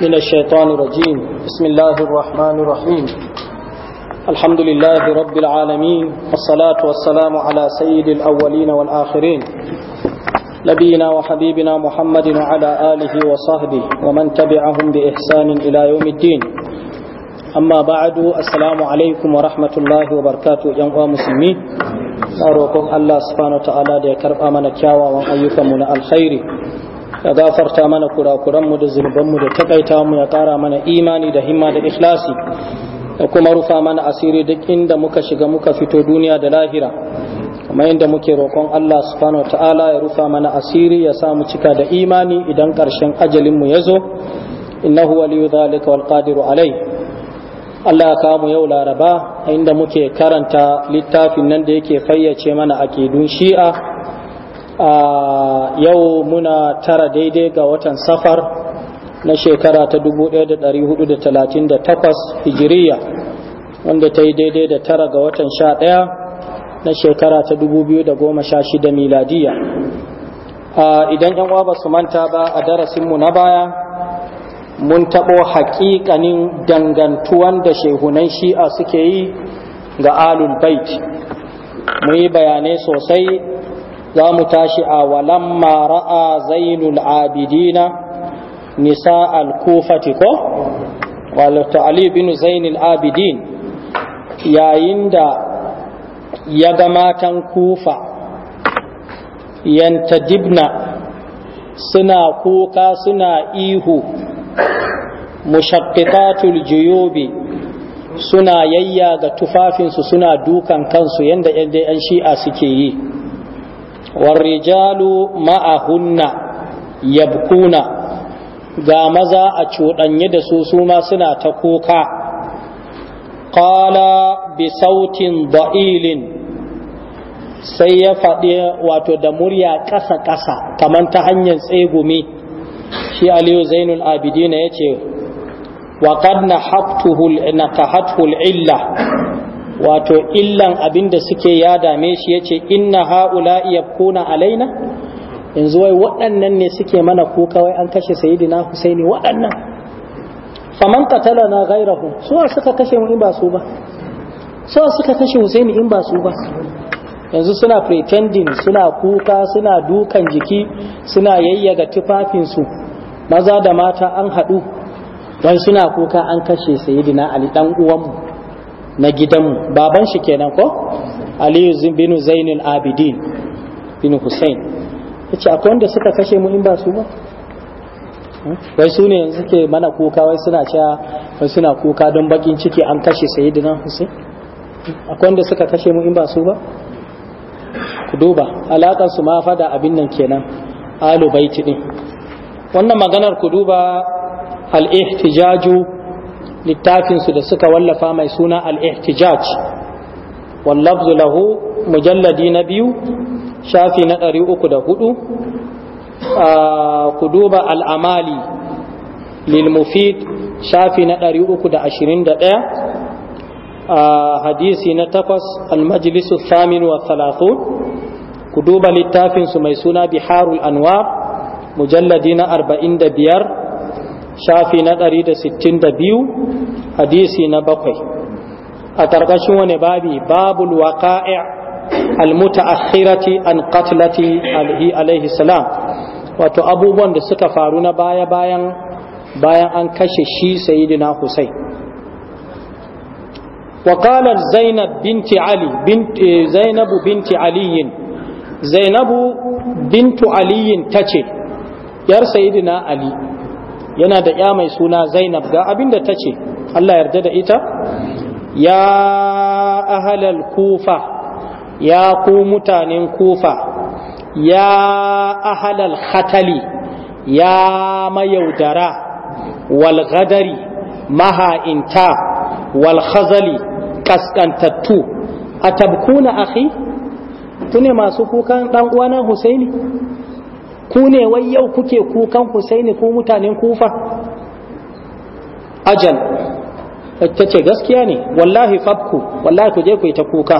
من الشيطان الرجيم بسم الله الرحمن الرحيم الحمد لله رب العالمين والصلاة والسلام على سيد الأولين والآخرين نبينا وحبيبنا محمد وعلى آله وصحبه ومن تبعهم بإحسان إلى يوم الدين amma ba'adu assalamu alaikum wa rahmatullahi wa barkatu yan uwa musulmi roƙon Allah subhanahu wa ta'ala da ya karɓa mana kyawawan ayyukanmu na alkhairi ya gafarta mana kurakuranmu da zunubanmu da takaita mu ya kara mana imani da himma da ikhlasi da kuma rufa mana asiri duk inda muka shiga muka fito duniya da lahira kamar inda muke roƙon Allah subhanahu ta'ala ya rufa mana asiri ya sa mu cika da imani idan ƙarshen ajalinmu ya zo innahu waliyu zalika wal qadiru alai Allah ya kawo mu yau laraba inda muke karanta littafin nan da yake fayyace mana akidun shi'a yau muna tara daidai ga watan safar na shekara ta 1438 hijiriya wanda ta yi daidai da tara ga watan sha ɗaya na shekara ta 2016 miladiya idan yan ba su manta ba a darasinmu na baya mun taɓo haƙiƙanin dangantuwan da shehunan shi'a suke yi ga alul bait mu yi bayanai sosai za mu tashi a walamma ra'a zainul abidina nisa al-kufati ko walata ali bin zainul abidin yayin da ya ga matan kufa yanta dibna, suna kuka suna ihu mushaqqitatul juyubi suna yayya ga tufafinsu suna dukan kansu yadda yan shi'a suke yi warrijalu ma'ahunna yabkuna ga maza a cuɗanye da su su ma suna ta kuka qala bi sautin da'ilin sai ya faɗi wato da murya ƙasa-ƙasa kamar ta hanyar tsegumi shi aliyu zainul abidina ya ce wa na nahattuhu illa wato illan abin da suke ya dame shi ya ce inna ha'ula iya kuna alaina yanzu wai waɗannan ne suke mana kuka wai an kashe sayidina husaini waɗannan faman katala na gairahu suwa suka kashe mu in ba su ba suwa suka kashe husaini in ba su ba yanzu suna pretending suna kuka suna dukan jiki suna yayyaga tufafinsu maza da mata an haɗu don suna kuka an kashe sayidina ali ɗan uwanmu na gidanmu baban shi kenan ko aliyu binu zainul abidin bin hussein ya ce akwai wanda suka kashe mu in ba su ba hmm? wai su ne yanzu ke mana kuka wai suna cewa wai suna kuka don bakin ciki an kashe sayyidina hussein akwai wanda suka kashe mu in ba su ba ku duba alakan su ma fada abin nan kenan alu baiti din wannan maganar ku duba al-ihtijaju littafinsu da suka wallafa mai suna al-ihtijaj wallafzu lahu mujalladi na biyu shafi na ɗari uku da hudu ku duba al'amali lilmufid shafi na ɗari uku da ashirin da ɗaya hadisi na takwas almajlisu thamin wa thalathun ku duba littafinsu mai suna biharul anwar mujalladi na arba'in da biyar shafi na 162 hadisi na bakwai a ƙarƙashin wani babi babul waqa'i al-muta'akhirati an qatlati alaihi salam wato abubuwan da suka faru na baya bayan bayan an kashe shi sayyidina Husain وقالت eh, Zainabu بنت علي بنت زينب بنت علي زينب بنت yana da ya mai suna zainab ga abinda ta ce Allah yarda da ita ya ahalal kufa ya ku mutanen kufa ya ahalal khatali ya mayaudara wal gadari maha'inta wal khazali kaskantattu atabkuna akhi tune masu kukan dan uwana husaini ku ne wai yau kuke kukan Husaini ku mutanen Kufa ajal ta ce gaskiya ne wallahi fabku wallahi ku je ku yi ta kuka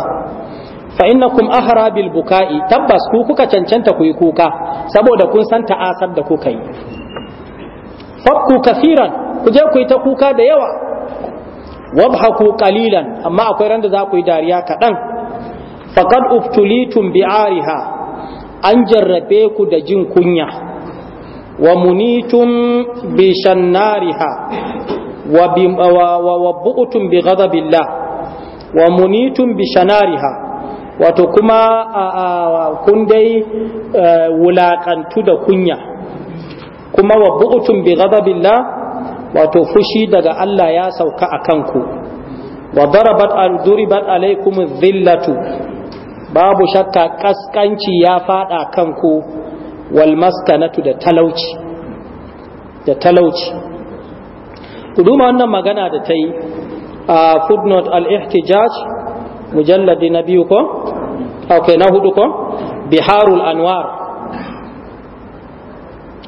fa innakum ahra bil buka'i tabbas ku kuka cancanta ku yi kuka saboda kun san ta'asar da kuka yi fabku kafiran ku je ku yi ta kuka da yawa wabhaku qalilan amma akwai randa za ku yi dariya kaɗan faqad ubtulitum bi'ariha an jarrabe ku da jin kunya wa munitum bi shannariha wa bi wa bu'tum bi ghadabillah wa munitum bi shanariha wato kuma kun dai eh, wulakantu da kunya kuma wa bu'tum bi ghadabillah wato fushi daga Allah ya sauka akan ku wa darabat duribat alaikum dhillatu babu shakka kaskanci ya fada kanku wal maskanatu da talauci da talauci kuduma wannan magana da ta yi a footnote al-ihtijaj mujalladi na biyu ko okay na hudu ko biharul anwar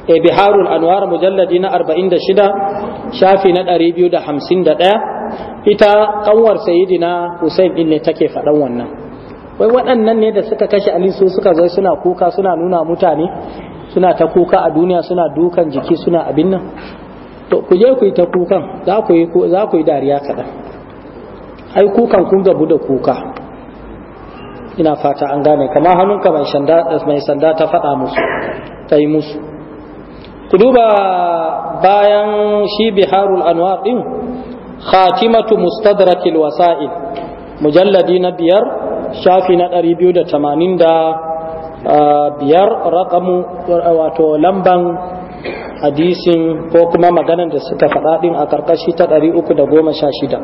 e biharul anwar mujalladi na 46 shafi na 251 ita kanwar sayyidina Hussein din ne take faɗan wannan wai waɗannan ne da suka kashe ali su suka zo suna kuka suna nuna mutane suna ta kuka a duniya suna dukan jiki suna abin nan to ku je ku yi ta kukan za ku yi dariya kaɗan ai kukan kun gabu da kuka ina fata an gane kama hannunka mai sanda mai sanda ta faɗa musu ta yi musu ku duba bayan shi biharul anwar din khatimatu mustadrakil wasa'il mujalladi na biyar shafi na 285 raƙamu wato lamban hadisin ko kuma maganar da suka faɗa a ƙarƙashi ta 316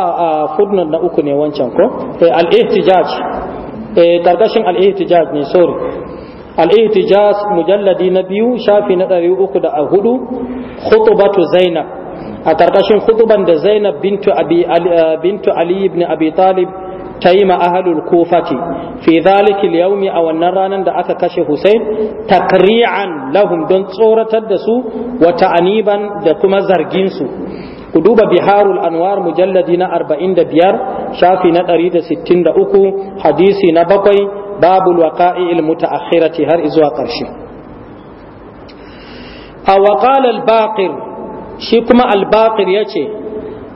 a fudnar na uku ne wancan ko e, al-ihtijaj e, ƙarƙashin al-ihtijaj ne sorry al-ihtijaj mujalladi na biyu shafi na 304 khutubatu zainab a ƙarƙashin hutuban da zainab bintu abi eh, bintu ali ibn abi talib ta yi ma'ahalul kufati fi zalika yaumi a wannan ranar da aka kashe Hussein takri'an lahum don tsoratar da su wa ta'aniban da kuma zargin su ku duba biharul anwar mujalladi na 45 shafi na 163 hadisi na bakwai babul waqa'il mutaakhirati har zuwa ƙarshe a waqala al-baqir shi kuma albaqir ya ce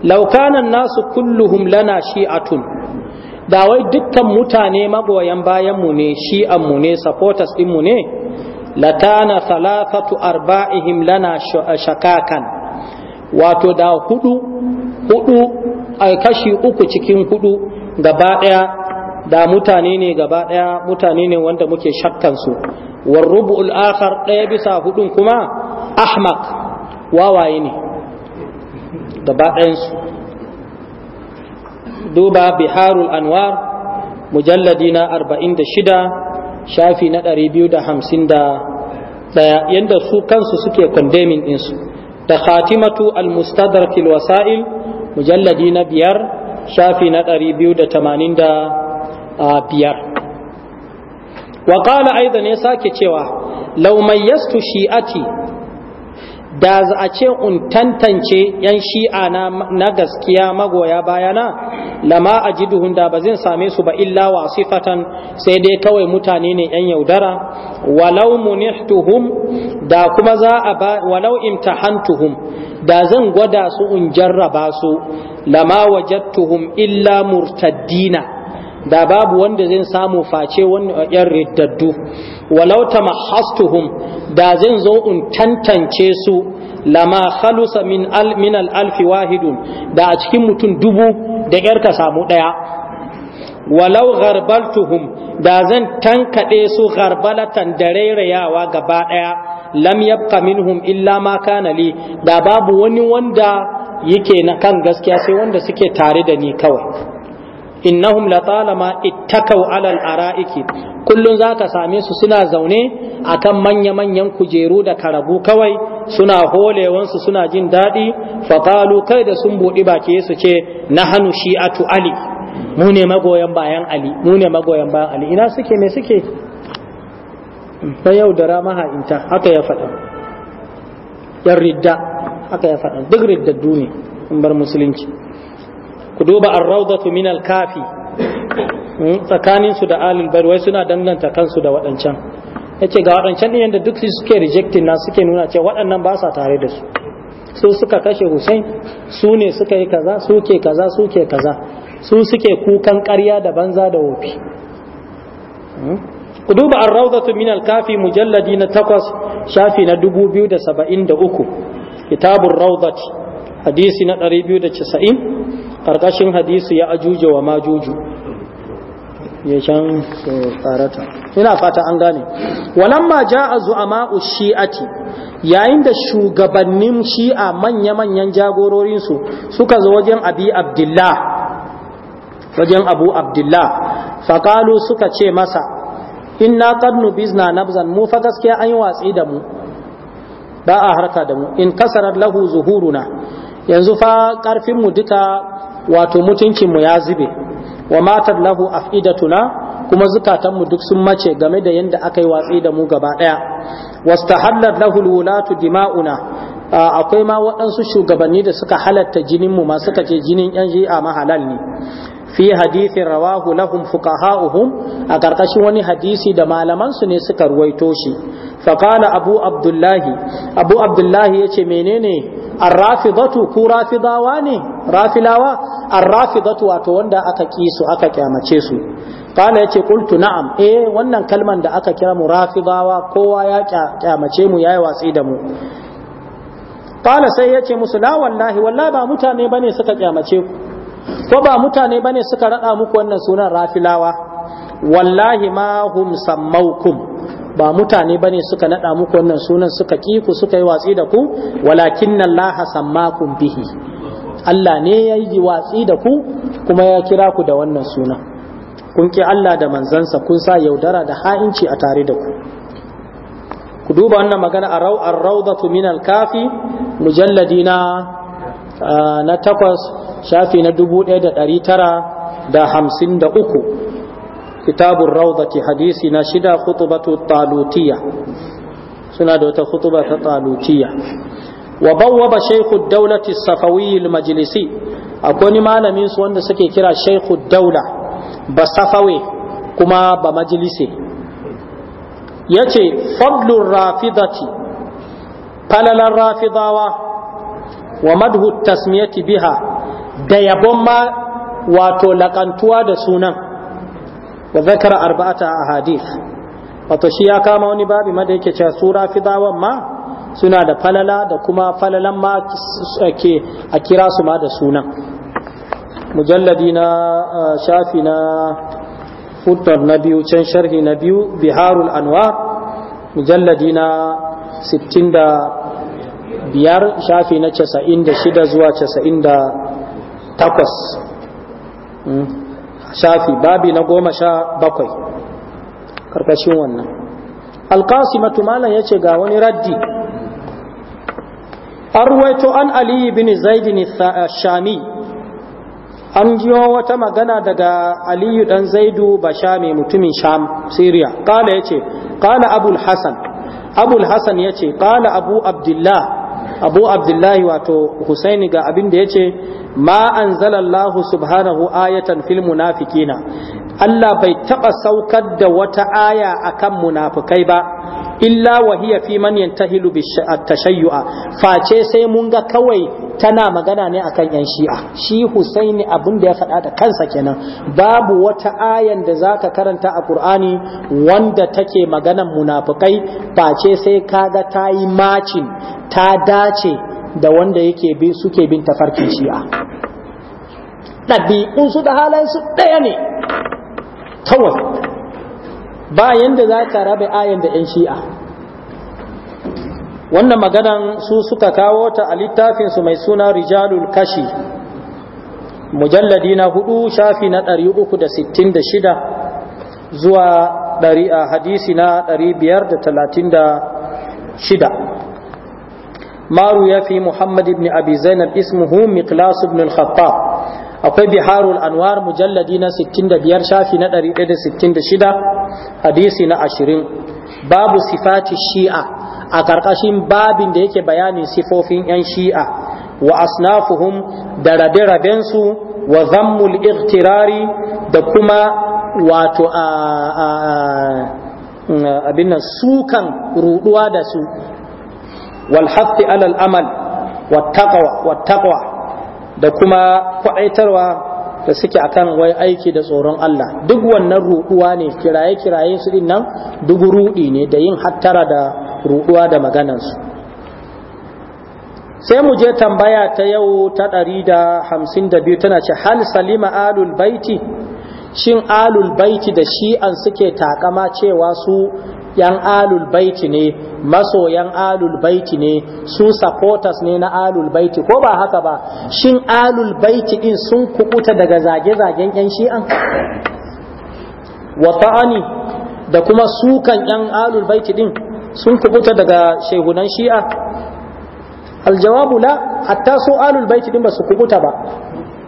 laukanan nasu kulluhum lana shi'atun da wai dukkan mutane magoyan bayanmu ne shi'anmu ne supporters ɗinmu ne latana thalathatu arba'ihim lana eh, shakakan wato da hudu hudu kashi uku cikin hudu gaba da mutane ne gaba mutane ne wanda muke shakkan shakkansu warrubu'ul akhar ɗaya bisa hudun kuma ahmak wawaye ne gaba ɗayansu duba biharul anwar mujalladi na 46 shafi na 251 yadda su kansu suke condemning ɗinsu da khatimatu al mustadar wasail mujalladi na biyar shafi na 285 وقال أيضا sake cewa لو ميزت شيئتي da za a ce un tantance yan shi'a na gaskiya magoya bayana lama a duhun da ba zan same su ba illa wa sifatan sai dai kawai mutane ne yan yaudara walau munihtuhum da kuma za a ba walau imtahantuhum da zan gwada su in jarraba su lama wajen tuhun illa murtaddina da babu wanda zan samu face wannan yan riddaddu walau tamahhastuhum da zan zo in tantance su lama khalusa min al min al wahidun da a cikin mutum dubu da yar ka samu daya walau gharbaltuhum da zan tankade su garbalatan da rairayawa gaba ɗaya, lam yabqa minhum illa ma kana li da babu wani wanda yake na kan gaskiya sai wanda suke tare da ni kawai innahum latalama ittakau alal ara'iki kullun zaka same su suna zaune akan manya-manyan kujeru da karabu kawai suna holewansu suna jin daɗi qalu kai da sun bodi baki su ce na hannu shi'atu ali mu ne magoyan bayan ali mu ne magoyan bayan ali ina suke me suke na yau da rama inta haka ya faɗa yan ridda haka ya faɗa duk riddaddu ne in bar musulunci ku duba ar min al-kafi hmm? tsakanin da alil bari wai suna danganta kansu da waɗancan yace ga waɗancan din yanda duk suke rejecting na suke nuna cewa waɗannan ba sa tare da su su suka kashe Hussein su ne suka yi kaza su ke kaza su kaza su suke kukan ƙarya da banza da wofi hmm? Kuduba duba ar min al-kafi mujalladi na takwas shafi na da uku, kitabun rawdati hadisi na ɗari da casa'in. ƙarƙashin hadisi ya ajuje wa majuju ya can su tsarata ina fata an gane ma walamma ja'a zu'ama'u shi'ati yayin da shugabannin shi'a manya-manyan jagororinsu suka zo wajen abi abdullah wajen abu abdullah faƙalu suka ce masa inna ƙarnu bizna nabzan mu fa gaskiya an yi watsi da mu ba a harka da mu in kasarar lahu zuhuruna yanzu fa ƙarfinmu duka wato mutuncin mu ya zube wa matar lahu af'idatuna kuma zukatanmu duk sun mace game da yadda aka yi watsi da mu gaba ɗaya wastahallat lahu lulatu dima'una akwai ma waɗansu shugabanni da suka halatta jininmu ma suka ce jinin yan shi'a mahalal ne fi hadithin rawahu lahum fuqaha'uhum a karkashin wani hadisi da malamansu ne suka ruwaito shi fa abu abdullahi abu abdullahi yace menene ar-rafidatu ku rafidawa ne rafilawa arrafidatu wato wanda aka ki su aka kyamace su qala yace qultu na'am eh wannan kalman da aka kira mu rafidawa kowa ya kyamace mu yayi watsi da mu qala sai yace musu la wallahi wallahi ba mutane bane suka kyamace ku ko ba mutane bane suka rada muku wannan sunan rafilawa wallahi ma hum sammaukum ba mutane bane suka nada muku wannan sunan suka kiku suka yi watsi da ku walakin allaha sammakum bihi Allah ne ya yi watsi da ku kuma ya kira ku da wannan suna kun ki Allah da manzansa kun sa yaudara da ha'inci a tare da ku ku duba wannan magana a rau ar-rawdatu min al-kafi mujalladi na na takwas shafi na dubu ɗaya da ɗari tara da hamsin da uku kitabun rawdati hadisi na shida khutubatu talutiya suna da wata khutuba ta talutiya wa bawwaba shaykhu dawlati safawi majlisi akwai ni malamin su wanda suke kira shaykhu daula ba safawe kuma ba majlisi yace fadlur rafidati falalar rafidawa wa madhu tasmiyati biha da yabon ma wato lakantuwa da sunan wa zakara arba'ata ahadith wato shi ya kama wani babi ma da yake cewa su rafidawan ma suna da falala da kuma falalan ma ke a kira su ma da sunan mujalladi na shafi na futar na biyu can sharhi na biyu biharul anwar mujalladi na 65 shafi na 96 zuwa 98 hmm. shafi babi na goma sha bakwai karkashin wannan alkasimatu malam ya ce ga wani raddi arwaito an ali bin zaidin shami an jiyo wata magana daga aliyu dan zaidu shami mutumin sham syria kala yace kala abul hasan abul hasan yace kala abu abdullah abu abdullahi wato husaini ga abin da ya ce ma anzalallahu subhanahu ayatan fil munafikina Allah bai taɓa saukar da wata aya akan munafukai ba illa wahiya fi man yantahilu bi tashayyu'a face sai mun ga kawai tana magana ne akan yan shi'a shi Husaini abin da ya faɗa da kansa kenan babu wata ayan da zaka karanta a Qur'ani wanda take maganan munafukai face sai kaga ta yi macin ta dace da wanda yake bi suke bin tafarkin shi'a ɗabi'unsu da halansu ɗaya ne kawai ba yadda za ka rabe ayan da 'yan shi'a wannan maganan su suka kawo ta a littafinsu mai suna rijalul kashi mujalladi na hudu shafi na 366 zuwa hadisi na 536 ya fi في محمد بن Zainab زينب اسمه مقلاص بن الخطاب akwai biharul anwar mujalladi na 65 shafi na 166 hadisi na 20 babu sifati shi'a a karkashin babin da yake bayanin sifofin 'yan shi'a wa asnafuhum da rabe-rabensu wa zammul ightirari da kuma wato a abin nan sukan ruduwa da su wal hafi alal amal wa taqwa da kuma kwa'itarwa da suke akan wai aiki da tsoron Allah duk wannan ruɗuwa ne kiraye kiraye su din nan duk ruɗi ne da yin hattara da ruɗuwa da su sai mu je tambaya ta yau ta ɗari da hamsin da biyu tana ce hal salima alul baiti shin alul baiti da an suke takama cewa su yan alul baiti ne masoyan alul baiti ne su supporters ne na alul baiti ko ba haka ba shin alul baiti din sun kubuta daga zage-zagen yan shi'an wa ta'ani da kuma sukan yan alul baiti din sun kubuta daga shehunan shi'a aljawabu la hatta su alul baiti din ba su kubuta ba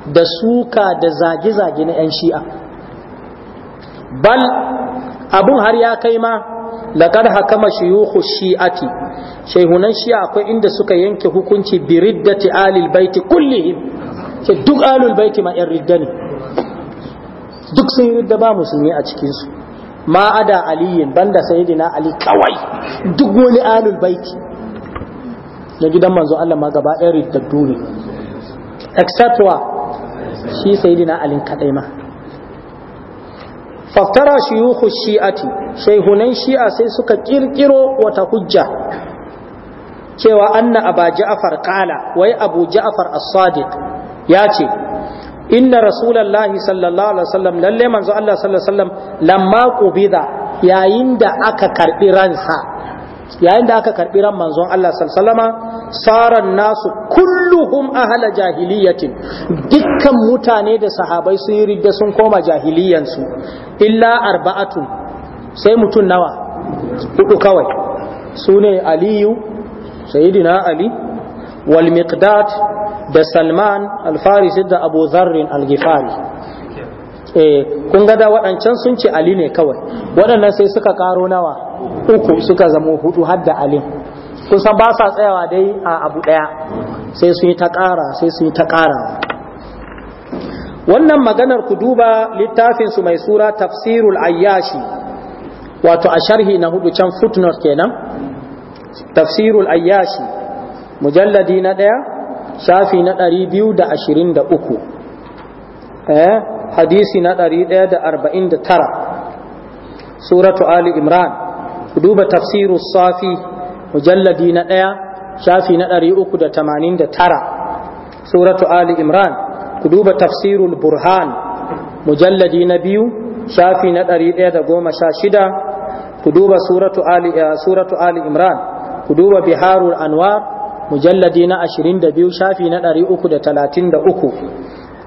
da suka da zage-zage na yan shi'a bal abun har ya kai ma laqad hakama shuyukhu shi'ati shayhunan shi'a akwai inda suka yanke hukunci bi riddati alil baiti kullihim ce duk alul baiti ma yan ridda ne duk sun ridda ba musulmi a cikin su ma ada aliyin banda sayyidina ali kawai duk wani alul baiti na gidan manzo Allah ma gaba yan riddaddu ne except wa shi sayyidina ali kadai ma faftara shuyukhu shi'ati shaihunan shi'a sai suka kirkiro wata hujja cewa anna aba ja'afar kala wai abu ja'afar as-sadiq ya ce inna rasulallahi sallallahu alaihi wasallam lalle manzo Allah sallallahu alaihi wasallam lamma qubida yayin da aka karbi ransa yayin da aka karbi ran manzon Allah sallama saran nasu kulluhum ahla jahiliyatin dukkan mutane da sahabai sun yi ridda sun koma jahiliyansu illa arba'atun sai mutun nawa hudu kawai sune aliyu sayyidina ali wal miqdad da salman al-farisi da abu zarrin al-ghifari eh, kun ga da waɗancan sun ce Ali ne kawai waɗannan sai suka karo nawa uku suka zama hudu har da kun kusan ba sa tsayawa dai a abu daya sai su yi ta ƙara sai su yi ta ƙara wannan maganar ku duba littafin su mai sura tafsirul ayyashi wato a sharhi na hudu can footnote kenan tafsirul ayyashi mujalladi na daya shafi na ɗari biyu da ashirin da eh, hadisi na ɗari ɗaya da arba'in da tara suratu ali imran ku duba tafsiru safi mujalladi na ɗaya shafi na ɗari uku da tamanin da tara suratu ali imran ku duba tafsirul burhan mujalladi na biyu shafi na ɗari ɗaya da goma sha shida ku duba suratu ali, eh, suratu ali imran ku duba biharul anwar mujalladi na ashirin da biyu shafi na ɗari uku da talatin da uku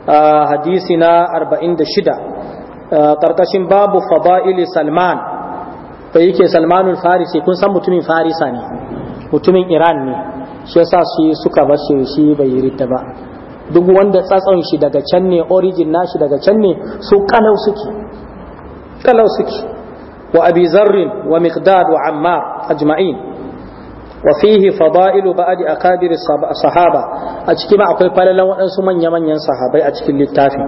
ah, hadisi na arba'in da shida ah, ƙarƙashin babu fada'ili salman da yake salmanul farisi kun san mutumin farisa ne mutumin iran ne shi yasa shi suka bar shi shi bai yi ba duk wanda tsatson shi daga can ne origin nashi daga can ne su kalau suke kalau suke wa abi zarrin wa miqdad wa amma ajma'in wa fihi fada'ilu ba'di akabir sahaba a ciki ma akwai falalan waɗansu manya-manyan sahabai a cikin littafin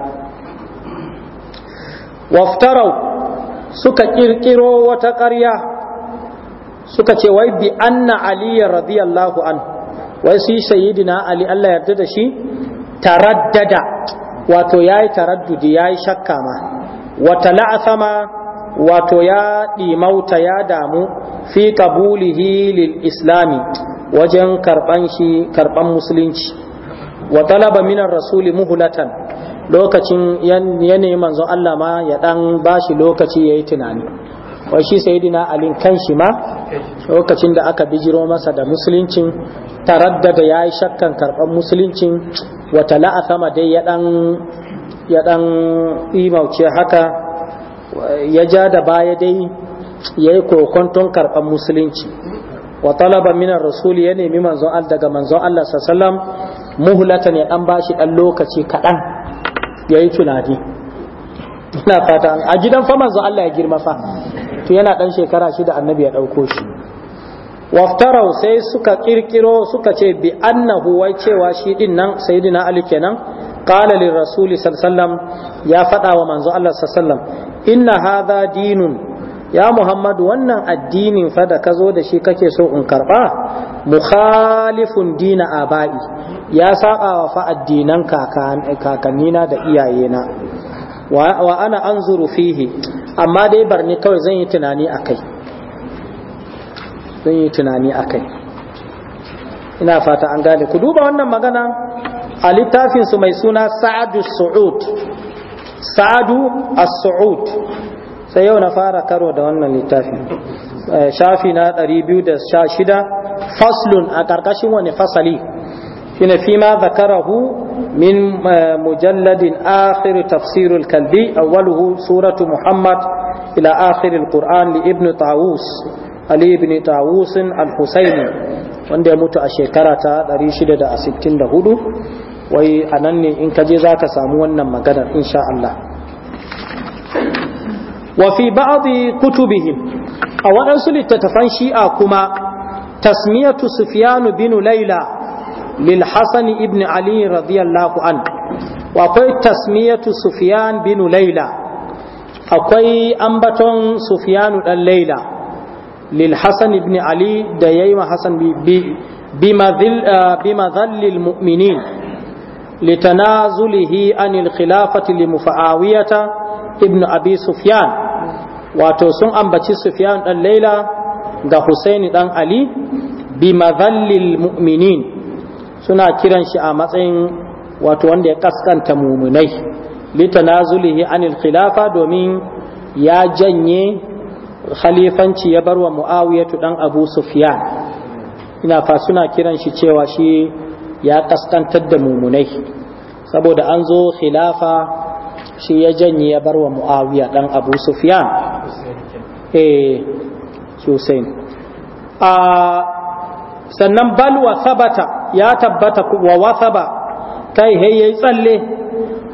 waftarau suka kirkiro wata ƙarya suka ce wai bi anna aliya radiyallahu an wai su na ali Allah yarda da shi taraddada wato yayi taraddudi yayi shakka ma wata la'asama wato ya ɗimauta ya damu fi qabulihi lil islami wajen karban musulunci wa talaba minar rasuli muhulatan lokacin yanayin manzon Allah ma ya dan bashi lokaci ya yi tunani wai shi sayidina Ali kan shi ma lokacin da aka bijiro masa da musuluncin taraddada ya yi shakkan karɓar musuluncin wata la'asama dai ya dan ya dan imauce haka ya ja da baya dai ya yi kokonton karɓar musulunci wa talaba minar rasul ya nemi manzon Allah daga manzon Allah sallallahu alaihi wasallam muhlatan ya dan bashi dan lokaci kaɗan ya yi tunani ina fata a gidan fa manzo Allah ya girma fa to yana dan shekara shida annabi ya dauko shi waftarau sai suka kirkiro suka ce bi annahu wai cewa shi din nan sayyidina ali kenan qala lirrasuli sallallahu ya fada wa manzo Allah sallallahu inna hadha dinun ya muhammadu wannan addinin fa da ka zo da shi kake so in karba mukhalifun dina aba'i ya saba wa fa addinan kakannina da iyayena wa ana anzuru fihi amma dai barni kawai zan yi tunani akai zan yi tunani akai ina fata an gane ku duba wannan magana a littafinsu mai suna sa'adu su'ud sa'adu as-su'ud sai yau na fara karo da wannan littafin eh, shafi na 216 faslun a karkashin wani fasali shine fima zakarahu min eh, mujalladin akhir tafsir kalbi awwaluhu suratu muhammad ila akhir al-qur'an li ibn tawus ali ibn tawus al-husaini wanda ya mutu a shekara ta 664 wai anan ne in kaje zaka samu wannan maganar insha Allah Wafi fi ba'dhi kutubihim a waɗansu littattafan shi'a kuma tasmiyatu sufyan bin laila lil hasan ibn ali radiyallahu an akwai tasmiyatu sufyan bin laila akwai ambaton sufyan dan laila lil hasan ibn ali da yayi ma hasan bi bima eh, dhallil mu'minin لتنازله عن الخلافة لمفعاوية ابن أبي سفيان wato sun ambaci sufiyan dan Laila ga Husaini dan Ali bi madhallil mu'minin suna kiran shi a matsayin wato wanda ya kaskanta mumunai litanazulihi anil khilafa domin ya janye khalifanci ya barwa Muawiyatu dan Abu Sufyan ina fa suna kiran shi cewa shi ya kaskantar da mumunai saboda an zo khilafa shi ya janye ya barwa Muawiya dan Abu Sufyan eh sosai a ah, sannan balwa sabata ya tabbata wa wasaba kai yayi tsalle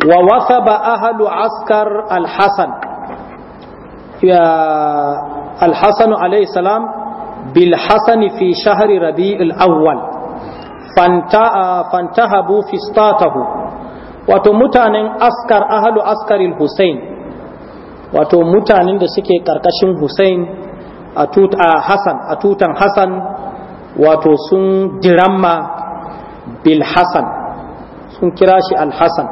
wa wasaba ahlu askar alhasan alhasan alayhi salam bil hasan fi shahri rabi'il awwal ah, fantahabu fistatahu wato mutanen askar ahlu askarin hussein wato mutanen da suke karkashin Hussein a Hassan a tutan Hassan wato sun diramma bil Hassan sun kira shi al Hassan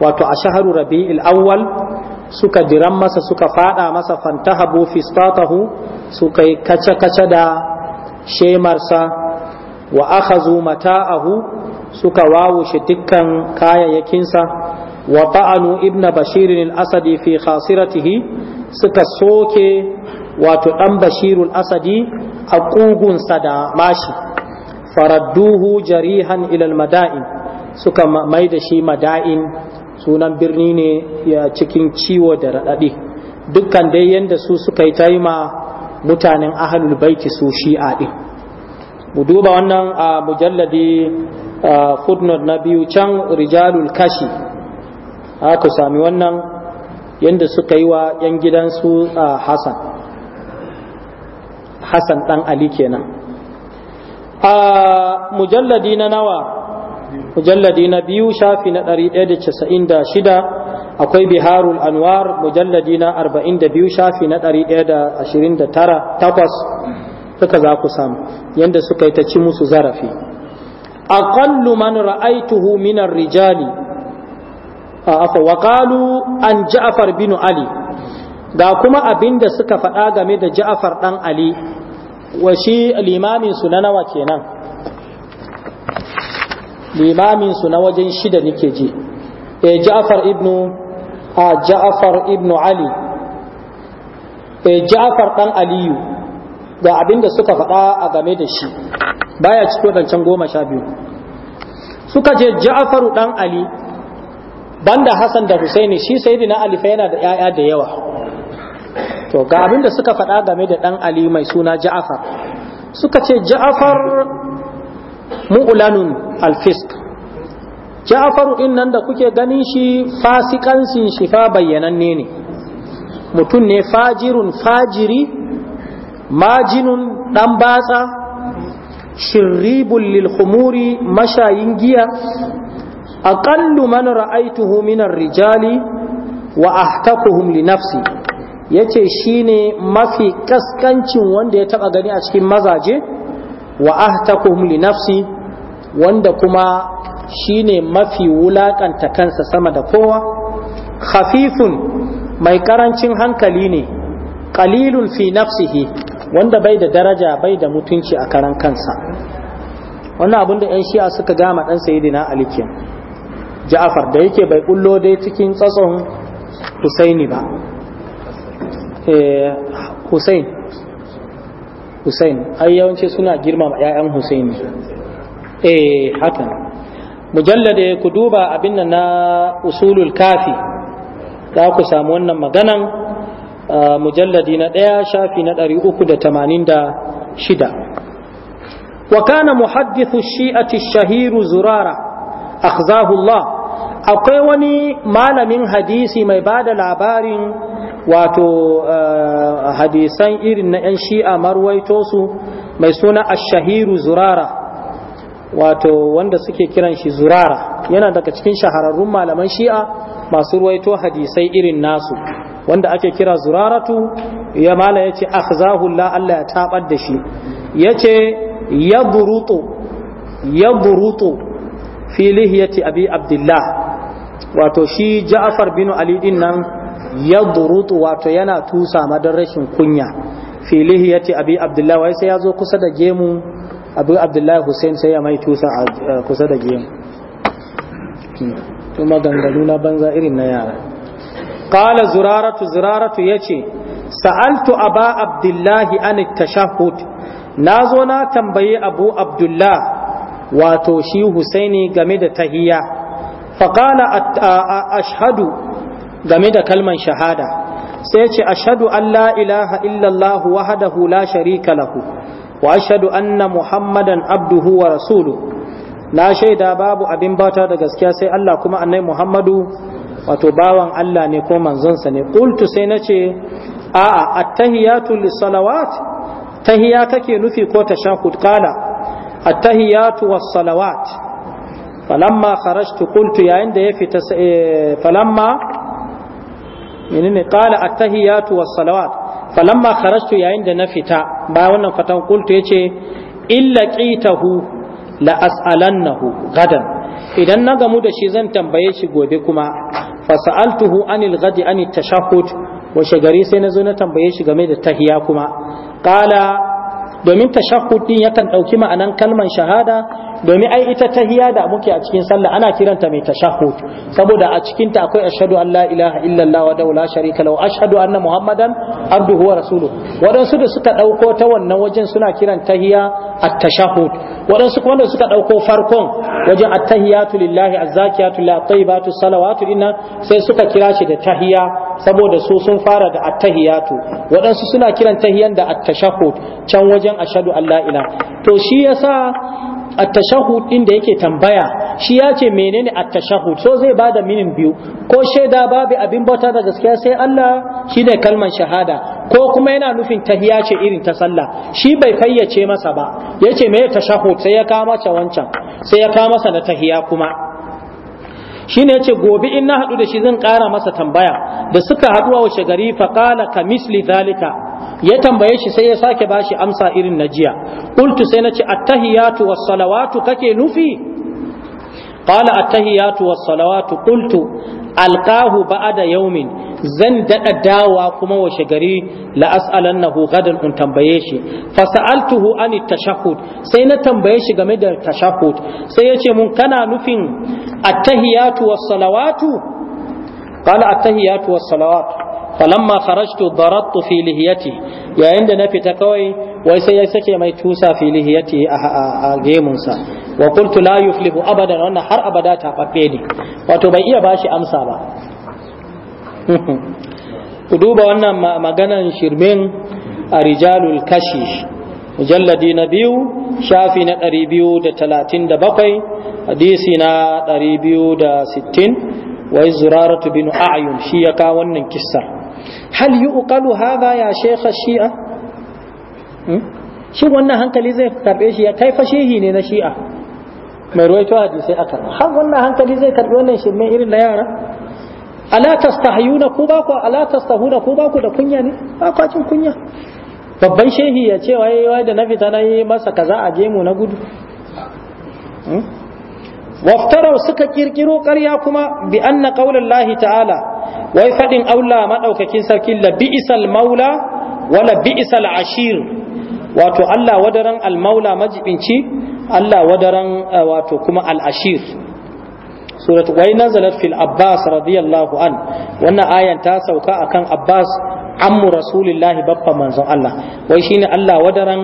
wato a shaharu Rabi'il awwal suka diran masa suka fada masa fantahabu fistatahu suka yi kace-kace da shemarsa wa akhazu mata'ahu suka wawushe dukkan kayayyakinsa wa ta'anu ibn bashirin al-asadi fi khasiratihi suka soke wato dan bashirul asadi a kugunsa da mashi faradduhu jarihan ilal mada'in suka mai da shi mada'in sunan birni ne ya cikin ciwo da raɗaɗi dukkan dai yadda su suka yi taima mutanen ahlul baiti su shi'a ɗin mu duba wannan a mujalladi footnote na biyu can rijalul kashi aka sami wannan yadda suka yi wa 'yan gidansu a hassan hassan ɗan ali kenan a mujalladi na nawa mujalladi na biyu shafi na 196 akwai biharul anwar mujalladi na 42 shafi na 129 takwas suka za ku samu yadda suka yi ta ci musu zarafi A man ra'aituhu minar rijali afa wa qalu an ja'far bin ali ga kuma abinda suka faɗa game da ja'far dan ali wa shi limamin su na nawa kenan limamin su na wajen shida nake ji e ja'far ibnu a ja'far ibnu ali e ja'far dan aliyu ga abinda suka faɗa a game da shi baya cikin wancan goma sha biyu suka je ja'faru dan ali banda Hassan da Husaini shi Sayyidina Ali fa yana da 'ya'ya da yawa to ga abin da suka faɗa game da ɗan Ali mai suna Ja'far suka ce Ja'far mu'lanun al-fisq Ja'far nan da kuke ganin shi fasikansin shi fa bayyananne ne mutum ne fajirun fajiri majinun dan batsa shirribul lil khumuri mashayin giya aqallu man ra'aituhu min rijali wa ahtaquhum li nafsi yace shine mafi kaskancin wanda ya taba gani a cikin mazaje wa ahtaquhum li nafsi wanda kuma shine mafi wulakanta kansa sama da kowa khafifun mai karancin hankali ne qalilun fi nafsihi wanda bai da daraja bai da mutunci a karan kansa wannan abin da 'yan shi'a suka gama dan sayidina alikin ja'afar da yake bai kullo dai cikin tsatson husaini ba eh, husain husain ai yawanci suna girmama 'ya'yan husaini eh hakan mujallade ku duba abin nan na usulul kafi za ku samu wannan maganan ah, mujalladi na ɗaya shafi na ɗari uku da tamanin da shida wa kana muhaddithu shi'ati shahiru zurara akhzahu Allah akwai wani malamin hadisi mai ba da labarin wato eh, hadisan irin na 'yan shi'a marwaito su mai suna ashahiru zurara wato wanda suke kiran shi zurara yana daga cikin shahararrun malaman shi'a masu ruwaito hadisai irin nasu wanda ake kira zuraratu ya mala ya ce akhzahullah Allah ya tabar da shi ya ce ya buruto ya buruto fi abi wato shi ja'afar bin ali din nan ya durutu wato yana tusa madan rashin kunya filihi ce abi abdullahi wai sai ya zo kusa da gemu abu abdullahi hussein sai ya mai tusa kusa da gemu tu maganganu na banza irin na yara Kala zuraratu zuraratu yace sa'altu aba abdullahi an na nazo na tambaye abu Abdullahi." wato shi husaini game da tahiyya faƙala ashhadu game da kalman shahada sai ce ashadu an La'ilaha ilaha illallah wahdahu la sharika lahu wa ashhadu anna muhammadan abduhu wa rasuluhu na shaida babu abin bata da gaskiya sai Allah kuma annai Muhammadu wato bawan Allah ne ko manzonsa ne qultu sai na ce a'a attahiyatu lis tahiya kake nufi ko tashahhud qala attahiyatu was-salawat falamma kharajtu qultu yayin da ya fita eh, falamma menene qala attahiyatu was salawat falamma kharajtu yayin da na fita baya wannan fatan qultu yace illa qitahu la as'alannahu gadan idan na gamu da shi zan tambaye shi gobe kuma fasa'altuhu anil gadi anit tashahhud washe gari sai na zo na tambaye shi game da tahiya kuma qala domin tashahhud din yakan dauki ma'anan kalman shahada domin ai ita tahiya da muke a cikin sallah ana kiranta mai tashahhud saboda a cikin ta akwai ashhadu an la ilaha illallah wa la sharika lahu ashhadu anna muhammadan abduhu wa rasuluhu wadansu da suka dauko ta wannan wajen suna kiran tahiya at-tashahhud wadansu kuma da suka dauko farkon wajen at-tahiyatu lillahi az-zakiyatu la tayyibatu salawatu inna sai suka kira shi da tahiya saboda su sun fara da at-tahiyatu wadansu suna kiran tahiyan da at-tashahhud can wajen ashhadu an la ilaha to shi yasa at-tashahhud din da yake tambaya shi ya ce menene at-tashahhud so zai bada minin biyu ko shaida babu abin bauta da gaskiya sai Allah shine kalman shahada ko kuma yana nufin tahiya ce irin ta sallah shi bai fayyace masa ba yace me tashahhud sai ya kama masa wancan sai ya kama masa na tahiya kuma shine ce gobe in na hadu da shi zan kara masa tambaya da suka haɗu a washe gari fa qala ka misli zalika ya tambaye shi sai ya sake bashi amsa irin na jiya qultu sai nace attahiyatu was salawatu kake nufi qala at-tahiyatu was-salawatu qultu alqahu yawmin zan daɗa dawa kuma washe gari la as'alannahu gadan in tambaye shi fa sa'altuhu an at-tashahhud sai na tambaye shi game da tashahhud sai yace mun kana nufin at-tahiyatu was-salawatu qala at-tahiyatu was-salawatu falamma kharajtu yayin da na fita kawai wai sai ya sake mai tusa fi lihiyati a gemunsa wa qultu la yuflihu abadan wannan har abada ta fafe ne wato bai iya bashi amsa ba ku duba wannan maganan shirmin a rijalul kashi mujalladi na biyu shafi na ɗari biyu da talatin da bakwai hadisi na ɗari biyu da sittin wai zuraratu bin a'yun shi ya kawo wannan kissar hal yi ukalu haza ya shekha shi'a hmm? shi wannan hankali zai karɓe shi ya kai fashehi ne na shi'a mai ruwaito hadisai aka har wannan hankali zai karbi wannan shi irin na yara ala tastahiyuna ku ba ku ku ba ku da kunya ne ba ku cin kunya babban shehi ya ce wai wai da na fita na yi masa kaza a gemu na gudu hmm? waftarau suka kirkiro ƙarya kuma bi anna qaulallahi ta'ala wai fadin aula madaukakin sarki la bi'sal maula wala bi'sal ashir wato Allah wadaran maula majibinci Allah wadaran eh, wato kuma Al-ashir. surat wai nazalat fil abbas radiyallahu an wannan ayan ta sauka akan abbas ammu rasulillahi babban manzon Allah wai shine Allah wadaran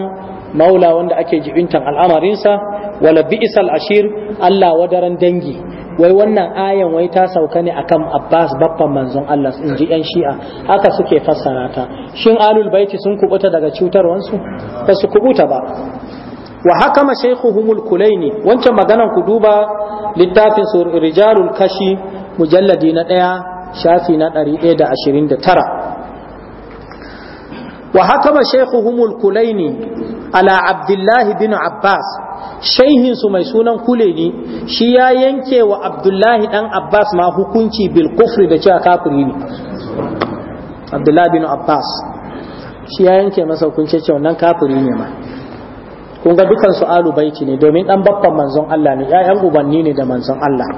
maula wanda ake jibintan al'amarinsa wala bi'sal ashir Allah wadaran dangi wai wannan ayan wai ta sauka ne akan Abbas babban manzon Allah in ji yan shi'a haka suke fassara ta shin alul baiti sun kubuta daga cutarwansu ba su kubuta ba wa hakama shaykhuhumul kulaini wancan maganan ku duba littafin su rijalul kashi mujalladi na ɗaya shafi na 129 wa hakama shaykhuhumul kulaini ala Abdullahi bin abbas shaihinsu mai sunan kule ne shi ya yanke wa abdullahi dan abbas ma hukunci bil kufri da cewa kafiri ne abdullahi bin abbas shi ya yanke masa hukunci cewa nan kafiri ne ma kun ga dukan su alu baiti ne domin dan babban manzon Allah ne ƴaƴan ubanni ne da manzon Allah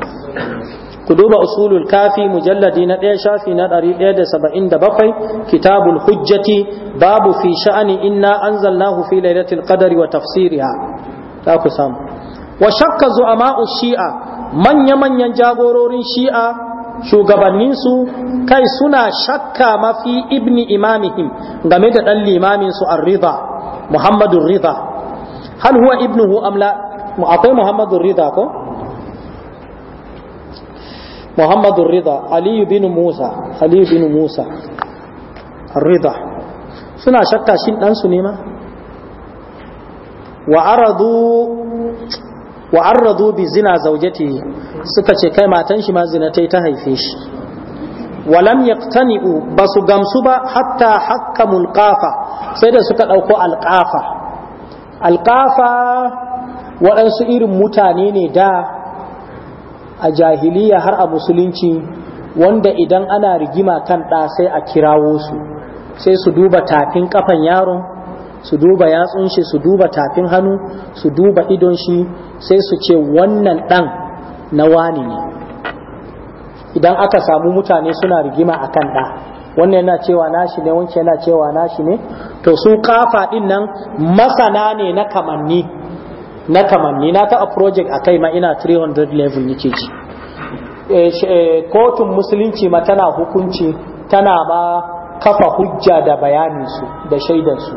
ku duba usulul kafi mujalladi na ɗaya shafi na ɗari ɗaya da saba'in da bakwai kitabul hujjati babu fi sha'ani inna anzalnahu fi lailatul qadari wa tafsiriha za ku samu wa shakka zu'ama'u shi'a manya-manyan jagororin shi'a shugabanninsu kai suna shakka mafi ibni imamihim game da ɗan limaminsu ar-rida muhammadun rida hal huwa amla akwai muhammadun rida ko muhammadun rida aliyu bin musa aliyu bin musa rida suna shakka shin ɗansu ne ma wa aradu bi zina zaujati suka ce kai matan shi ma zinatai ta haife shi walam yaqtani'u basu gamsu ba hatta hakkamul qafa sai da suka dauko alqafa alqafa waɗansu irin mutane ne da a jahiliya har a musulunci wanda idan ana rigima kan ɗa sai a kirawo su sai su duba tafin kafan yaron su duba yatsun shi su duba tafin hannu su duba idon shi sai su ce wannan ɗan na wani ne idan aka samu mutane suna rigima a kan ɗa wannan yana cewa nashi ne wancan yana cewa nashi ne to su kafa ɗin nan masana ne na kamanni na kamanni na taɓa project a kai ma ina 300 level nake ji eh, eh, kotun musulunci ma tana hukunci tana ba kafa hujja da bayaninsu da shaidansu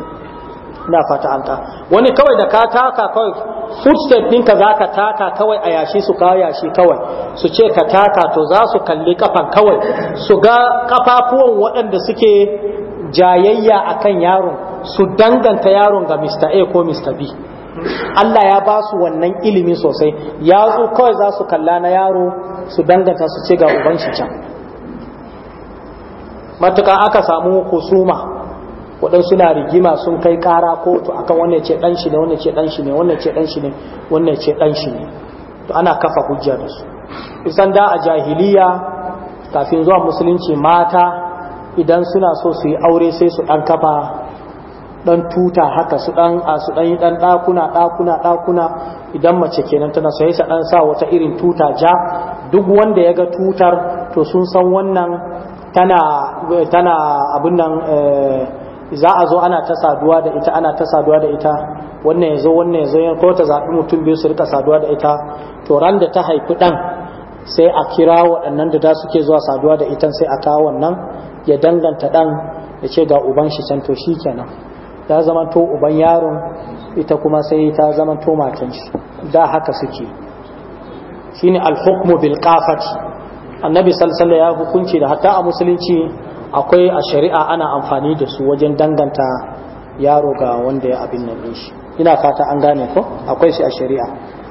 na fata an ta wani kawai da ka taka kawai footstep ɗinka za ka taka kawai a yashi su kawo yashi kawai su ce ka taka to za su kalli kafan kawai su ga kafafuwan waɗanda suke jayayya akan yaron su danganta yaron ga Mr. A ko Mr. B Allah ya ba su wannan ilimi sosai yatsu kawai za su kalla na yaro su danganta su ce ga uban can matuka aka samu suma. waɗansu na rigima sun kai ƙara kotu akan wannan ce ɗan shi ne wannan ce ɗan shi ne wannan ce ɗan shi ne wannan ce ɗan shi ne to ana kafa hujja da su isan da a jahiliya kafin zuwa musulunci mata idan suna so su yi aure sai su ɗan kafa ɗan tuta haka su ɗan a su ɗan yi ɗan ɗakuna ɗakuna ɗakuna idan mace kenan tana so sa ɗan sa wata irin tuta ja duk wanda ya ga tutar to sun san wannan tana tana abin nan eh, za a zo ana ta saduwa da ita ana ta saduwa da ita wannan yazo wannan yazo ko ta zaɓi mutum biyu su rika saduwa da ita to ran da ta haifi ɗan sai a kira waɗannan da da suke zuwa saduwa da ita sai a kawo wannan ya danganta ɗan ya ce ga uban shi can to shi kenan ya zama to uban yaron ita kuma sai ta zama to matan shi da haka suke shine al-hukmu bil qafati annabi sallallahu alaihi wasallam ya hukunci da hatta a musulunci akwai a shari'a ana amfani da su wajen danganta yaro ga wanda ya abin nan shi ina fata an gane ko akwai shi a shari'a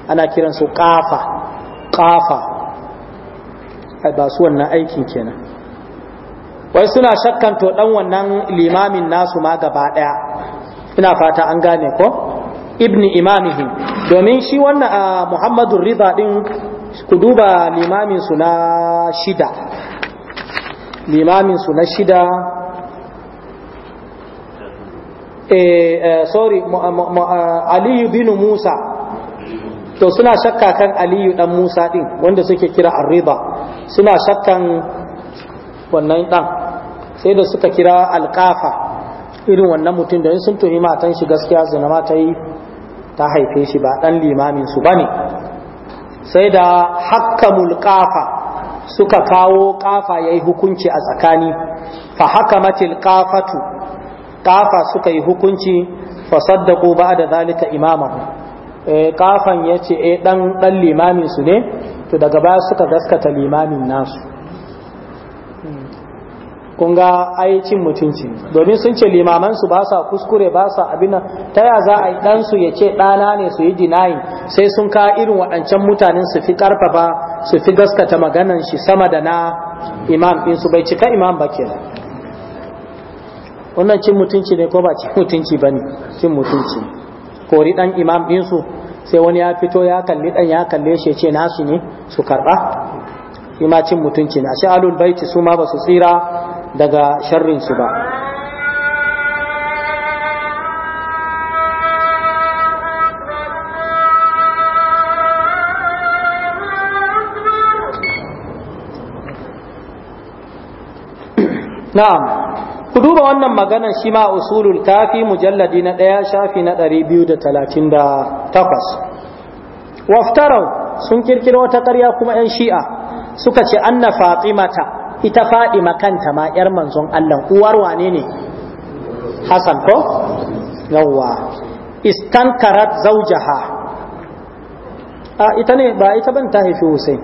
ana kiran su kafa kafa ba su wannan aikin kenan wai suna shakkan to dan wannan limamin nasu ma gaba daya ina fata an gane ko ibni imamihim domin shi wannan ah, muhammadur riba din ku duba limamin su na shida limamin su na shida eh, eh sorry eh, aliyu bin musa to suna shakka kan aliyu dan musa din wanda suke kira arriba suna shakkan wannan dan sai da suka kira alkafa irin wannan mutum da sun tuni matan shi gaskiya zina ma ta yi ta haife shi ba dan limamin su bane sai da hakkamul kafa suka kawo kafa ya yi hukunci a tsakani fa haka matil kafatu kafa suka yi hukunci fa saddaku ba da zalika imamahu kafan eh, ya ce e eh, dan limamin su ne to daga baya suka gaskata limamin nasu kun ga ai cin mutunci domin sun ce limaman su ba sa kuskure ba sa abin nan ta ya za a yi dan su ya ce dana ne su yi dinayin sai sun ka irin waɗancan mutanen su fi karfafa su fi gaskata maganan shi sama da na imam din su bai cika imam ba kenan wannan cin mutunci ne ko ba cin mutunci bane cin mutunci kori dan imam din su sai wani ya fito ya kalli dan ya kalle shi ce nasu ne su karba shi ma cin mutunci ne a sha'alul baiti su ma ba su tsira daga sharrinsu ba na'am ku duba wannan maganar shi ma usulul kafi mujalladi na ɗaya shafi na ɗari biyu da talatin da takwas waftarau sun kirkiro wata ƙarya kuma 'yan shi'a suka ce anna fatimata ita faɗi makanta ma ‘yar manzon Allah uwar wane ne Hassan ko? yawwa istankarat zaujaha a ita ne ba ita ban ta haifi Hussein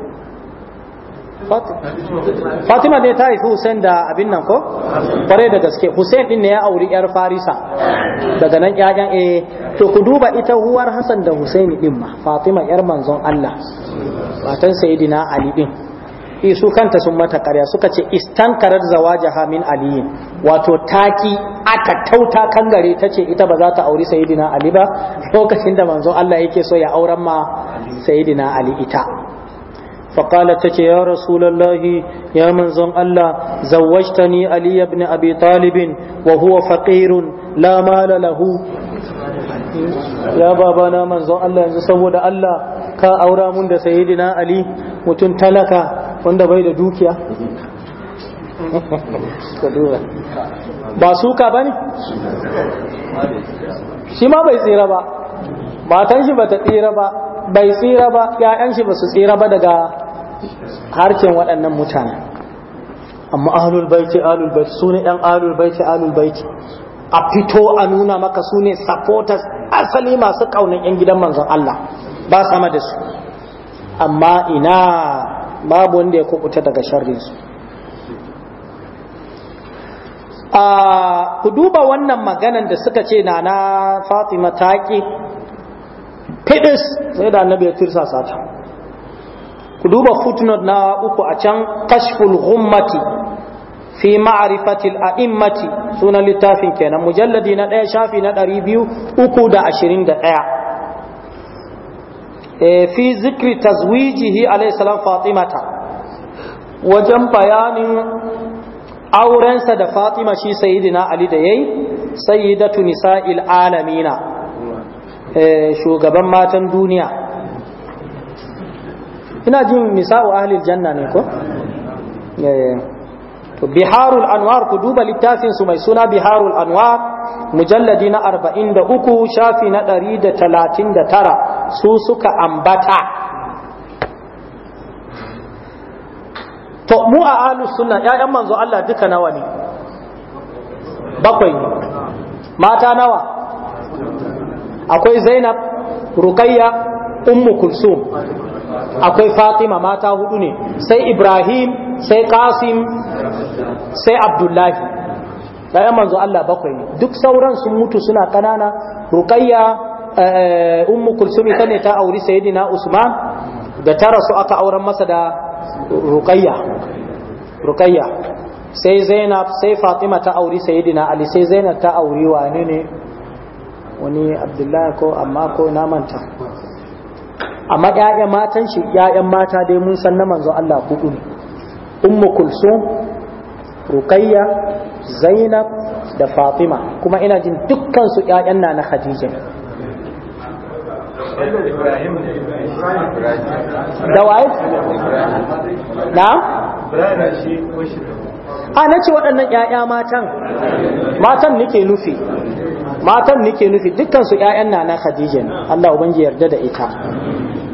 Fatima ne ta haifi Hussein da abin nan ko? Kware da gaske Hussein din ne ya auri ‘yar Farisa daga nan ‘ya'yan e eh, to ku duba ita huwar Hassan da Hussein din ma Fatima ‘yar manzon Allah Watan Sayyidina Ali din fi eh, su kanta sun mata karya suka ce karar zawaji hamin aliyu wato taki aka tauta kan gare ta ce ita ba za ta auri sayidina ali ba lokacin da manzo Allah yake so ya auren ma sayidina ali ita faƙalar ta ce ya rasulallahi ya manzon Allah zawajta ni ali ibn abi talibin wa huwa faqirun la mala lahu ya baba manzon Allah yanzu saboda Allah ka aura mun da sayidina ali mutum talaka wanda bai da dukiya ba suka ba ne shi ma bai tsira ba matan shi ba ta tsira ba bai tsira ba ya'yan shi ba su tsira ba daga harkin waɗannan mutane amma ahlul baiti ahlul baiti su ne ɗan ahlul baiti ahlul baiti a fito a nuna maka su ne supporters asali masu ƙaunin 'yan gidan manzon Allah ba sama da su amma ina babu wanda ya kubuta daga sharrinsu ku duba wannan maganan da suka ce na na fatima ta ƙi fidis sai da annabi ya tirsa sata ku duba footnote na uku a can kashful gummati fi ma'arifatil a'immati sunan littafin kenan mujalladi na ɗaya shafi na ɗari biyu uku da ashirin da ɗaya Eh, fi zikri tazwijihi alayhi salam fatimata wajen bayanin aurensa da fatima shi sayyidina ali da yayi sayyidatu nisa'il alamina eh, shugaban matan duniya ina jin nisa'u ahlil janna ne ko eh, to biharul anwar ku duba littafin su mai suna biharul anwar mujalladi na 43 shafi na 139 su suka ambata to mu a alu suna ‘ya'yan manzo Allah duka nawa ne bakwai mata nawa akwai zainab rukayya ummu kulsum akwai fatima mata hudu ne sai ibrahim sai kasim sai abdullahi ɗayan manzo Allah bakwai duk sauran sun mutu suna ƙanana rukayya Eh, eh, ummu kulsumi ita ne ta auri sayyidina usman da ta rasu aka auren masa da ruqayya ruqayya sai zainab sai fatima ta auri sayyidina ali sai zainab ta auri wane ne wani abdullahi ko amma ko na manta amma ƴaƴan matan shi ƴaƴan mata dai mun san na manzo Allah hudu ne ummu kulsum ruqayya zainab da fatima kuma ina jin dukkan su ƴaƴan na na khadija da waye na a na ce waɗannan 'ya'ya matan matan nake nufi matan nike nufi dukkan su 'ya'yan na na khadija Allah ubangi yarda da ita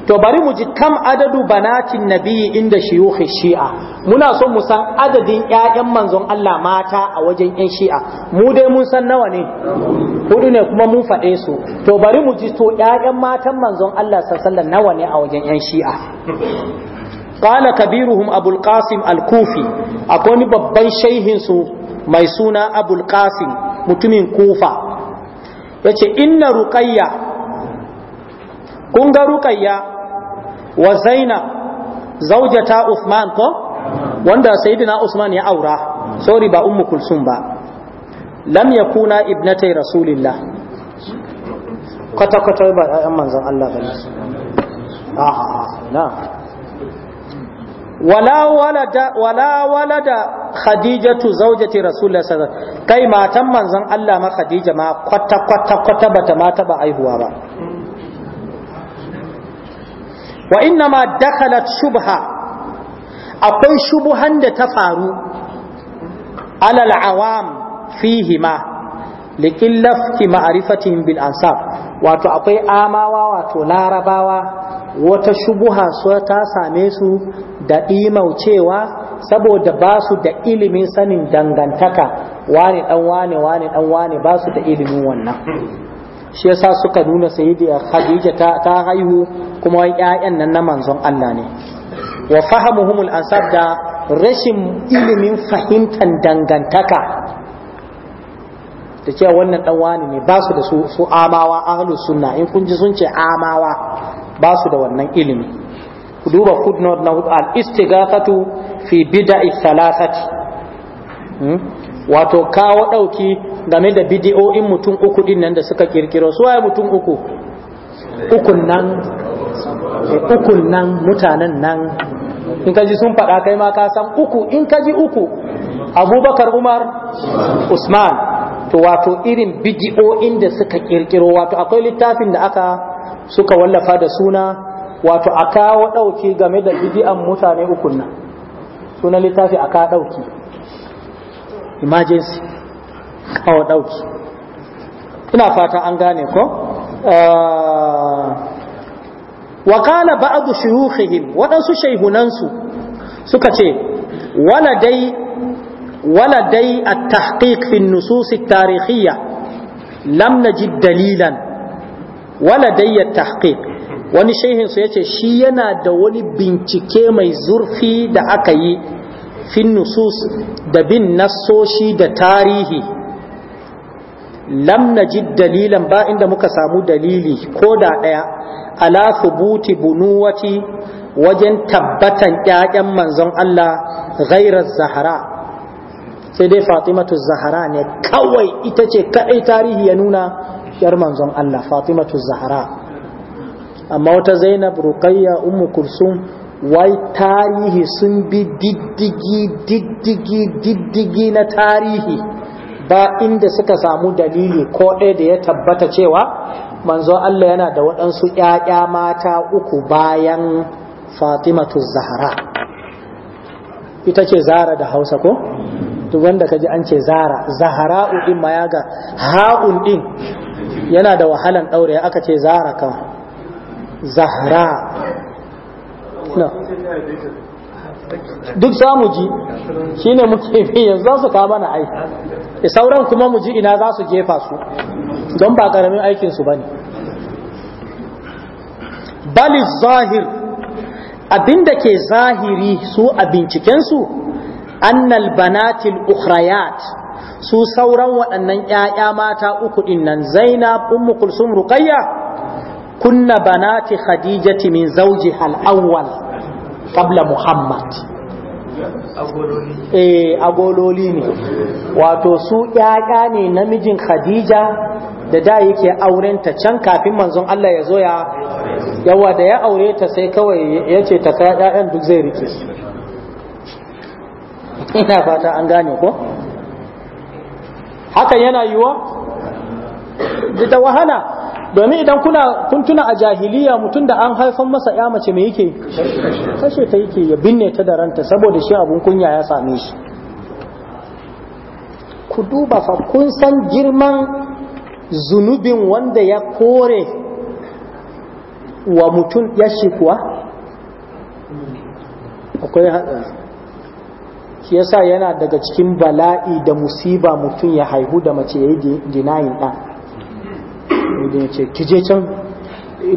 to bari mu ji kam adadu banatin nabiyyi inda shiyuhi shi'a muna son mu san adadin ƴaƴan manzon Allah mata a wajen ƴan shi'a mu dai mun san nawa ne hudu ne kuma mun faɗe su to bari mu ji to ƴaƴan matan manzon Allah sallallahu nawa ne a wajen ƴan shi'a qala kabiruhum abul qasim al kufi akwai babban shehin su mai suna abul qasim mutumin kufa yace inna ruqayya kun ga ruqayya wa zainab zaujata usman ko wanda sayyidina usman ya aura sorry ba ummu kulsum ba lam yakuna ibnatai rasulillah kwata kwata ba ɗan manzon Allah bane a na wala walada wala walada tu zaujati rasulullah sallallahu alaihi wasallam kai matan manzon Allah ma khadija ma kwata kwata kwata bata ma taba aihuwa ba wa inna ma dakhalat shubha akwai shubuhan da ta faru alal awam fihima liqillati ma'rifatihim bil ansab wato akwai amawa wato larabawa wata shubuha so ta same su da imaucewa saboda ba su da ilimin sanin dangantaka wane dan wane wane dan wane ba su da ilimin wannan shi yasa suka nuna sayyida khadija ta, ta haihu kuma yayan nan na manzon Allah ne wa fahamuhumul ansab da rashin ilimin fahimtan dangantaka da cewa wannan dan wani ne ba su da su amawa ahlu sunna in kun ji sun ce amawa ba su da wannan ilimi ku duba footnote na al istighathatu fi bida'i thalathati hmm? wato kawo dauki game da in mutum uku din nan da suka kirkiro su waye mutum uku ukun nan eh, ukun nan mutanen nan in kaji sun faɗa kai ma ka san uku in kaji uku abubakar umar usman to wato irin bidiyo'in da suka kirkiro wato akwai littafin da aka suka wallafa da suna wato a kawo ɗauki game da bidiyan mutane ukun nan sunan littafi a ka ɗauki emergency kawo ɗauki ina fata an gane ko eh, wa qala ba'du shuyukhihim waɗansu shaihunansu suka ce wala dai wala dai at-tahqiq fi an-nusus at-tarikhiyya lam najid dalilan wala dai at-tahqiq wani shehin su yace shi yana da wani bincike mai zurfi da aka yi fin nusus da bin nassoshi da tarihi lam najid dalilan ba inda muka samu dalili ko da ɗaya ala thubuti bunuwati wajen tabbatan ƴaƴan manzon Allah ghairar zahara sai dai fatimatu zahara ne kawai ita ce kaɗai tarihi ya nuna ƴar manzon Allah fatimatu zahara amma wata zainab ruqayya ummu kulsum wai tarihi sun bi diddigi diddigi diddigi na tarihi ba inda suka samu dalili ko ɗaya da ya tabbata cewa manzo Allah yana da waɗansu ‘ya'ya mata uku bayan fatimatu zahara ita ce zara da hausa ko? duk wanda kaji an ce zara zahara ɗin ma ya ga ha'un ɗin yana da wahalan ɗaure aka ce zara kan zahara duk za mu ji shi ne muke bi yanzu za su ka mana ai sauran kuma mu ji ina za su jefa su don ba ƙaramin aikinsu ba ne bali zahir abinda ke zahiri su a bincikensu annal banatil ukhrayat su sauran waɗannan ‘ya'ya mata uku ɗinnan nan zainab ummu kulsum ruqayya kunna banati khadijati min zawji al-awwal Kabla muhammad eh agololi ne wato su ƴaƴa ne namijin khadija da da yake aurenta can kafin manzon Allah ya zo ya yawa da ya aure ta sai kawai yace ta ka ƴaƴan duk zai rike ina fata an gane ko haka yana yiwa da wahala domin idan kuna kun tuna a jahiliya mutum da an haifan masa ya mace mai yake kashe ta yake ya binne ta da ranta saboda shi abun kunya ya same shi ku duba fa kun san girman zunubin wanda ya kore wa mutum ya shi kuwa akwai haɗari shi yasa yana daga cikin bala'i da musiba mutum ya haihu da mace ya yi dinayin ɗan ya ce ki je can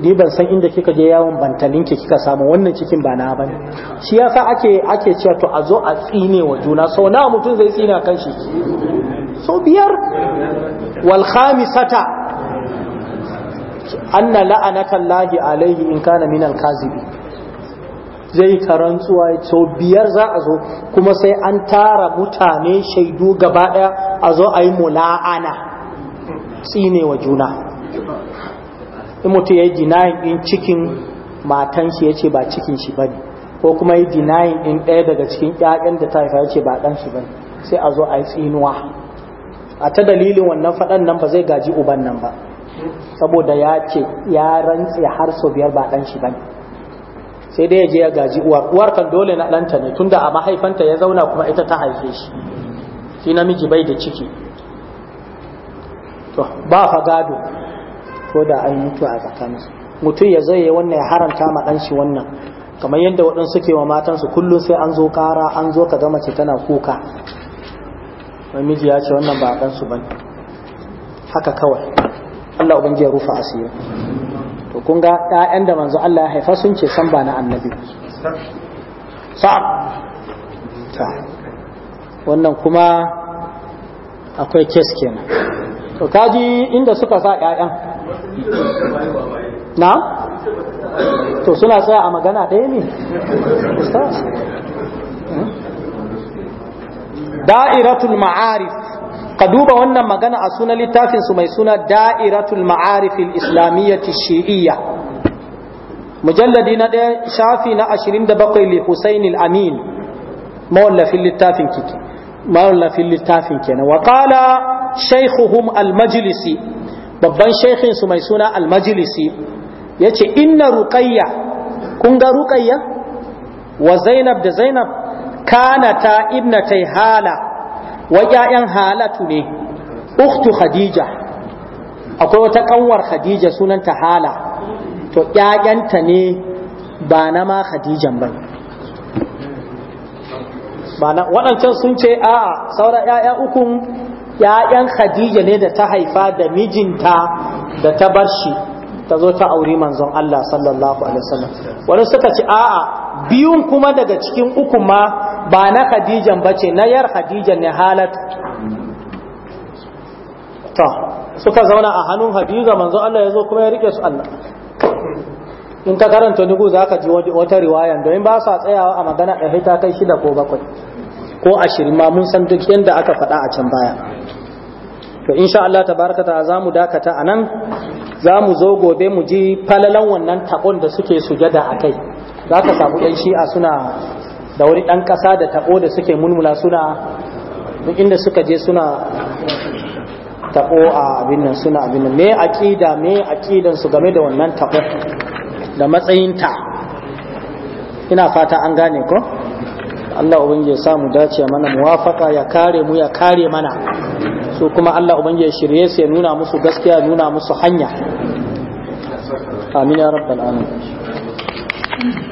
ni ban san inda kika je yawon bantalin ki kika samu wannan cikin ba na bane shi yasa ake ake cewa to a zo a tsine wa juna sau na mutum zai tsina kan shi sau biyar wal khamisata anna la'anata Allahi alaihi in kana min al kazibi zai karantsuwa sau biyar za a zo kuma sai an tara mutane shaidu gaba daya a zo a yi mula'ana Tsinewa juna in mutum ya yi denying in cikin matan shi ya ce ba cikin shi bane ko kuma yi denying din ɗaya daga cikin ƴaƴan da ta haifa ya ce ba ɗan shi bane sai a zo a yi tsinuwa a ta dalilin wannan faɗan nan ba zai gaji uban nan ba saboda ya ce ya rantse har sau biyar ba ɗan shi bane sai dai ya je ya gaji uwar uwar kan dole na ɗanta ne tunda a mahaifanta ya zauna kuma ita ta haife shi shi namiji bai da ciki to ba fa gado ko da an mutu a tsakaninsu mutum ya zai ya wannan ya haramta ma dan shi wannan kamar yadda waɗansu ke wa matansu kullum sai an zo ƙara an zo ka gama ce tana kuka miji ya ce wannan ba a ɗansu ba haka kawai Allah ubangiji ya rufa asiri to kun ga ɗayan da manzo Allah ya haifa sun ce san ba na annabi sa'ab wannan kuma akwai kes kenan to kaji inda suka sa ƴaƴan na to suna tsaya a magana ɗaya ne hmm? da'iratul ma'arif ka duba wannan magana a sunan littafin su mai suna da'iratul ma'arif al-islamiyyah shi'iyya mujalladi na ɗaya shafi na 27 li Husain al-Amin mawallafin littafin kiki mawallafin littafin kenan wa qala shaykhuhum al-majlisi babban shaykhin su mai suna al-majlisi yace inna ruqayya kun ga ruqayya wa zainab da zainab kana ta ibnatai hala wa 'ya'yan halatu ne ukhtu khadija akwai wata kanwar khadija sunanta hala to ƴaƴanta ne ba na ma khadijan ba waɗancan sun ce a'a, saura ƴaƴa ukun ‘ya'yan Khadija ne da ta haifa da mijinta da ta bar shi ta zo ta auri manzon Allah sallallahu Alaihi wasallam wani suka ce a'a biyun kuma daga cikin uku ma ba na Khadijan ba ce na yar Khadijan ne halat ta suka zauna a hannun Khadija manzon Allah ya zo kuma ya rike su Allah in ta karanta nugu za ka ji wata riwayan domin ba sa tsayawa a magana ɗaya ta kai shida ko bakwai ko ashirin ma mun san duk yadda aka faɗa a can baya to insha Allah tabaraka ta za mu dakata anan nan za mu zo gobe mu ji falalan wannan takon da suke sujada akai akai. za ka samu ɗan shi'a suna da wani ɗan ƙasa da tako da suke mulmula suna duk inda suka je suna tako a abin nan suna abin nan me aqida me aƙidan su game da wannan tako da matsayinta ina fata an gane ko Allah ubangiji ya samu dace mana muwafaka ya kare mu ya kare mana so kuma Allah ubangiji ya shirye su ya nuna musu gaskiya nuna musu hanya amin ya rabbal alamin